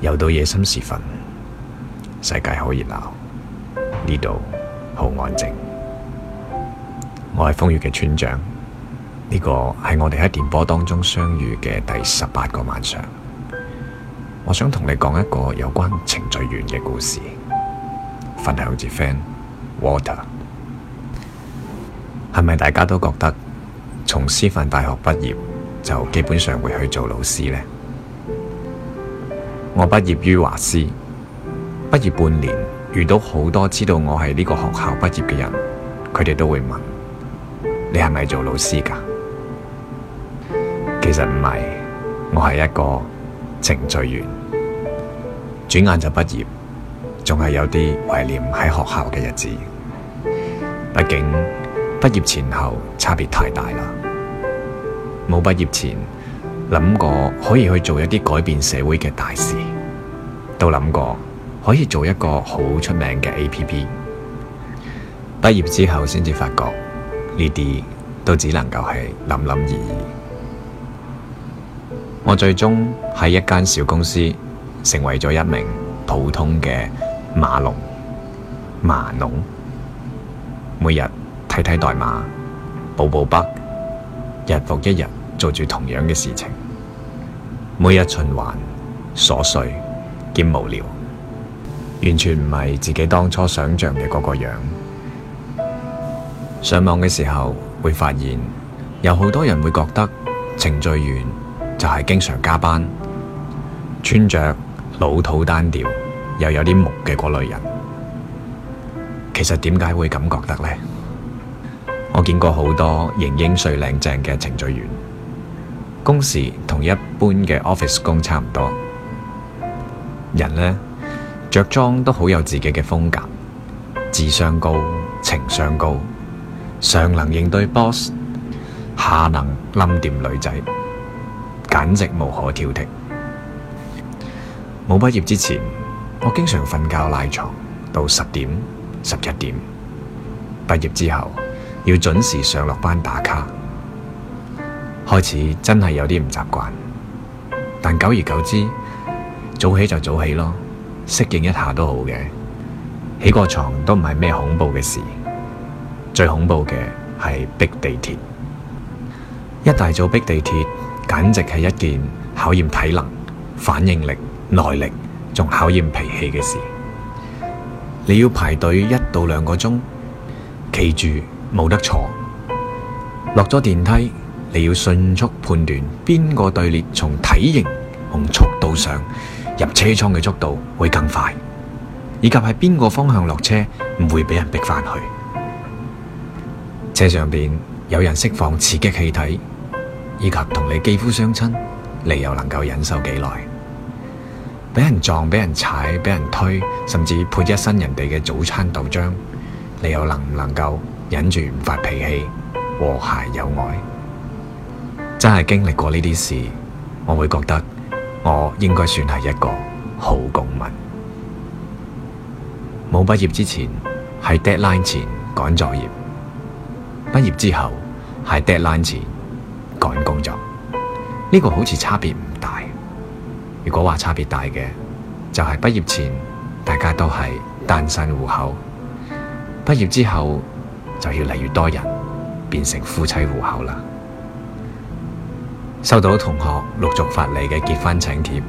又到夜深時分，世界好熱鬧，呢度好安靜。我係風雨嘅村長，呢、這個係我哋喺電波當中相遇嘅第十八個晚上。我想同你講一個有關程序員嘅故事。分享至 Friend Water，係咪大家都覺得從師範大學畢業就基本上會去做老師咧？我畢業於華師，畢業半年，遇到好多知道我係呢個學校畢業嘅人，佢哋都會問：你係咪做老師㗎？其實唔係，我係一個程序員。轉眼就畢業，仲係有啲懷念喺學校嘅日子。畢竟畢業前後差別太大啦，冇畢業前。諗過可以去做一啲改變社會嘅大事，都諗過可以做一個好出名嘅 APP。畢業之後先至發覺呢啲都只能夠係諗諗而已。我最終喺一間小公司成為咗一名普通嘅碼農，碼農，每日睇睇代碼，補補 BUG，日復一日。做住同樣嘅事情，每日循環、瑣碎兼無聊，完全唔係自己當初想象嘅嗰個樣。上網嘅時候會發現，有好多人會覺得程序員就係經常加班、穿着老土單調又有啲木嘅嗰類人。其實點解會咁覺得咧？我見過好多型英帥靚正嘅程序員。工時同一般嘅 office 工差唔多，人呢，着裝都好有自己嘅風格，智商高、情商高，上能應對 boss，下能冧掂女仔，簡直無可挑剔。冇畢業之前，我經常瞓覺賴床到十點、十一點；畢業之後，要準時上落班打卡。開始真係有啲唔習慣，但久而久之，早起就早起咯，適應一下都好嘅。起個床都唔係咩恐怖嘅事，最恐怖嘅係逼地鐵。一大早逼地鐵，簡直係一件考驗體能、反應力、耐力，仲考驗脾氣嘅事。你要排隊一到兩個鐘，企住冇得坐，落咗電梯。你要迅速判斷邊個隊列從體型同速度上入車窗嘅速度會更快，以及喺邊個方向落車唔會俾人逼翻去。車上邊有人釋放刺激氣體，以及同你肌膚相親，你又能夠忍受幾耐？俾人撞、俾人踩、俾人推，甚至潑一身人哋嘅早餐豆漿，你又能唔能夠忍住唔發脾氣，和諧有愛？真係經歷過呢啲事，我會覺得我應該算係一個好公民。冇畢業之前喺 deadline 前趕作業，畢業之後喺 deadline 前趕工作，呢個好似差別唔大。如果話差別大嘅，就係畢業前大家都係單身戶口，畢業之後就越嚟越多人變成夫妻戶口啦。收到同學陸續發嚟嘅結婚請帖，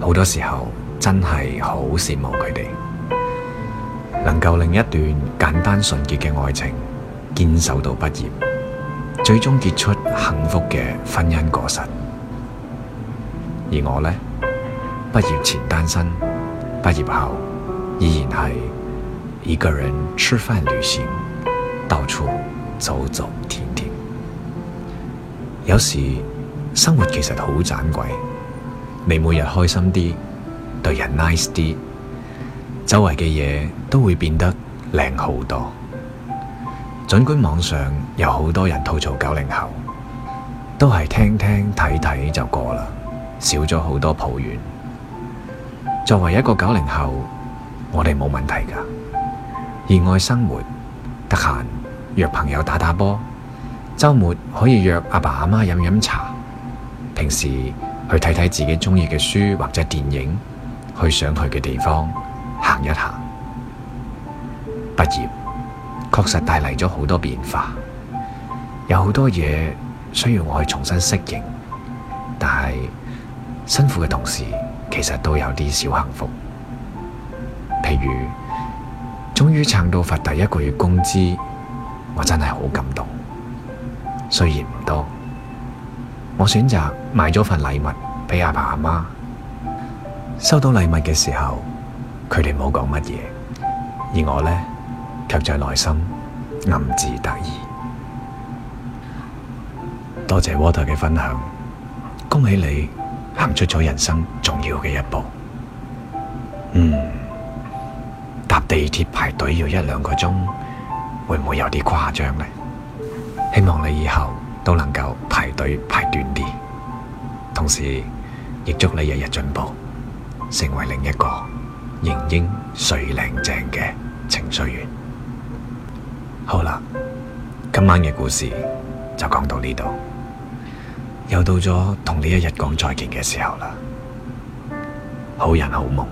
好多時候真係好羨慕佢哋，能夠令一段簡單純潔嘅愛情堅守到畢業，最終結出幸福嘅婚姻果實。而我呢，畢業前單身，畢業後依然係一個人吃飯、旅行，到處走走停停。有時生活其實好盞鬼，你每日開心啲，對人 nice 啲，周圍嘅嘢都會變得靚好多。盡管網上有好多人吐槽九零後，都係聽聽睇睇就過啦，少咗好多抱怨。作為一個九零後，我哋冇問題噶，熱愛生活，得閒約朋友打打波。周末可以約阿爸阿媽飲飲茶，平時去睇睇自己鍾意嘅書或者電影，去想去嘅地方行一行。畢業確實帶嚟咗好多變化，有好多嘢需要我去重新適應，但係辛苦嘅同時，其實都有啲小幸福。譬如終於撐到發第一個月工資，我真係好感動。雖然唔多，我選擇買咗份禮物俾阿爸阿媽。收到禮物嘅時候，佢哋冇講乜嘢，而我呢，卻在內心暗、嗯、自得意。多謝 water 嘅分享，恭喜你行出咗人生重要嘅一步。嗯，搭地鐵排隊要一兩個鐘，會唔會有啲誇張呢？希望你以後都能夠排隊排短啲，同時亦祝你日日進步，成為另一個型英帥靚正嘅程序員。好啦，今晚嘅故事就講到呢度，又到咗同你一日講再見嘅時候啦。好人好夢。